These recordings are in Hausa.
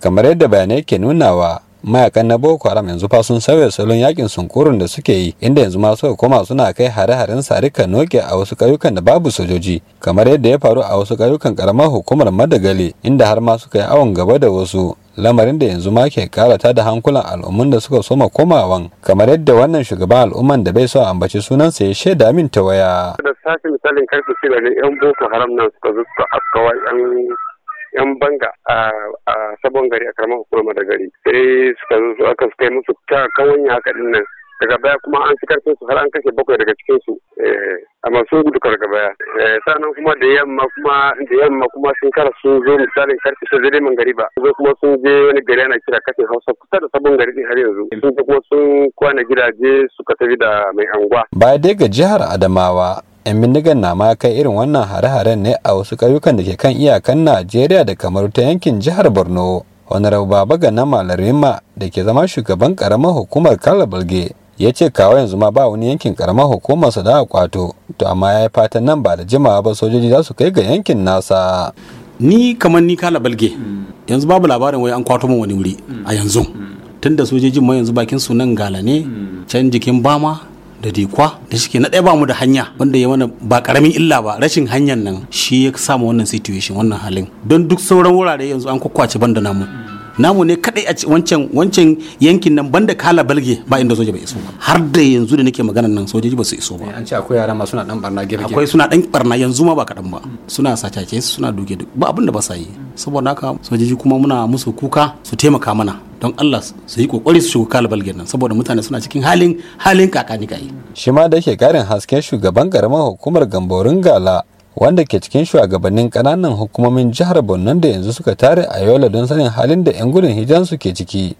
kamar yadda bayanai ke nunawa mayakan na boko haram yanzu fa sun sauya salon yakin sunkurun da suke yi inda yanzu masu suka koma suna kai hare-haren sarika noke a wasu ƙauyukan da babu sojoji kamar yadda ya faru a wasu ƙauyukan karamar hukumar madagali inda har ma suka yi awon gaba da wasu lamarin da yanzu ma ke karata da hankulan al'ummun da suka soma komawan kamar yadda wannan shugaban al'umman da bai so a ambaci sunan sa ya shaida min ta waya da sashi misalin karfe shida ne yan boko haram nan suka zo suka yan yan banga a sabon gari a karamar hukumar da gari sai suka zo aka kai musu ta kawanya haka din nan daga baya kuma an ci karfin su har an kashe bakwai daga cikin su eh, a sun gudu daga baya eh, sannan kuma da yamma kuma da yamma kuma sun kara sun zo misalin karfe sun zai man gari ba sai kuma sun je wani gari ana kira kashe hausa kusa da sabon gari din har yanzu sun kuma sun kwana gidaje suka tafi da mai anguwa baya dai ga jihar adamawa 'yan bindigar na ma kai irin wannan hare-haren ne a wasu ƙauyukan da ke kan iyakan najeriya da kamar ta yankin jihar borno honorable baba na malarima da ke zama shugaban karamar hukumar kala balge ya ce kawo yanzu ma ba wani yankin karamar su da a kwato to amma ya yi fatan nan ba da jimawa ba sojoji za su kai ga yankin nasa ni kamar ni kala balge yanzu babu labarin wai an kwato min wani wuri a yanzu mm. tunda sojojin ma yanzu bakin su nan gala ne mm. can jikin bama da dikwa da shi na ɗaya ba mu da hanya wanda ya mana ba karamin illa ba rashin hanyar nan shi ya samu wannan situation wannan halin don duk sauran wurare yanzu an kwakwace da namu namu ne kadai a wancan wancan yankin nan banda kala balge ba inda soja bai iso ba har da yanzu da nake maganar nan sojoji ba su iso ba eh, an ce akwai yara ma suna dan barna girgi akwai suna dan barna yanzu ma ba kadan ba suna sacace suna duke ba abin ba sa yi saboda haka sojoji kuma muna musu kuka su taimaka mana don Allah su yi kokari su shigo kalabal nan saboda mutane suna cikin halin halin kakani kai shi ma da yake karin hasken shugaban karamar hukumar gamborin gala wanda ke cikin shugabannin kananan hukumomin jihar Borno da yanzu suka tare a Yola don sanin halin da 'yan gudun su ke ciki.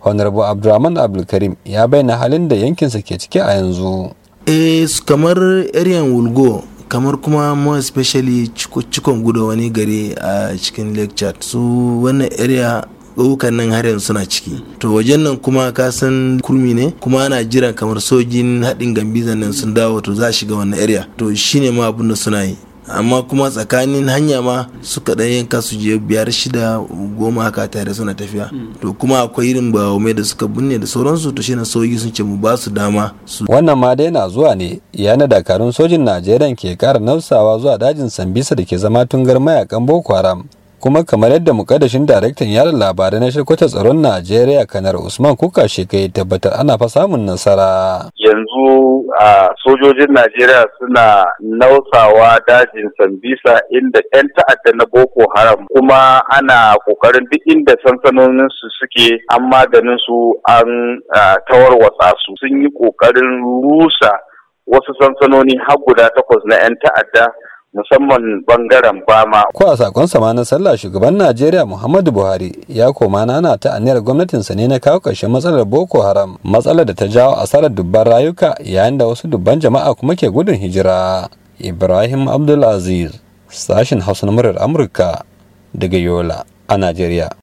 Honorable Abdulrahman Abdulkarim ya bayyana halin da yankin yankinsa ke ciki a yanzu. Eh kamar aryan Wulgo kamar kuma more especially cikon gudu wani gari a cikin Lake chat su wannan area ƙauyukan nan har yanzu suna ciki to wajen nan kuma ka san kurmi ne kuma ana jiran kamar sojin haɗin gambizan nan sun dawo to za a shiga wannan area to shine ma abin da suna yi amma kuma tsakanin hanya ma suka ɗan yanka su je biyar shida goma haka tare suna tafiya mm. to kuma akwai irin mai da suka binne da sauransu to shine soji sun ce mu ba su dama su wannan ma dai na zuwa ne ya na dakarun sojin najeriya ke kara nausawa zuwa dajin sambisa da ke zama tungar mayakan boko haram kuma kamar yadda mukaddashin daraktan yada labarai na shirkwatar tsaron najeriya kanar usman kuka shi kai tabbatar ana fa samun nasara yanzu a sojojin najeriya suna nausawa dajin sambisa inda yan ta'adda na boko haram kuma ana kokarin duk inda sansanonin su suke an maganin su an tawarwatsa su sun yi kokarin rusa wasu sansanoni har guda takwas na yan ta'adda musamman bangaren bama. Ko a sakon sama na sallah shugaban Najeriya Muhammadu Buhari ya koma nana ta aniyar gwamnatinsa ne na kawo ƙarshen matsalar Boko Haram matsalar da ta jawo asarar dubban rayuka yayin da wasu dubban jama'a kuma ke gudun hijira. Ibrahim Abdulaziz sashin Hausa na murar Amurka daga Yola a Najeriya.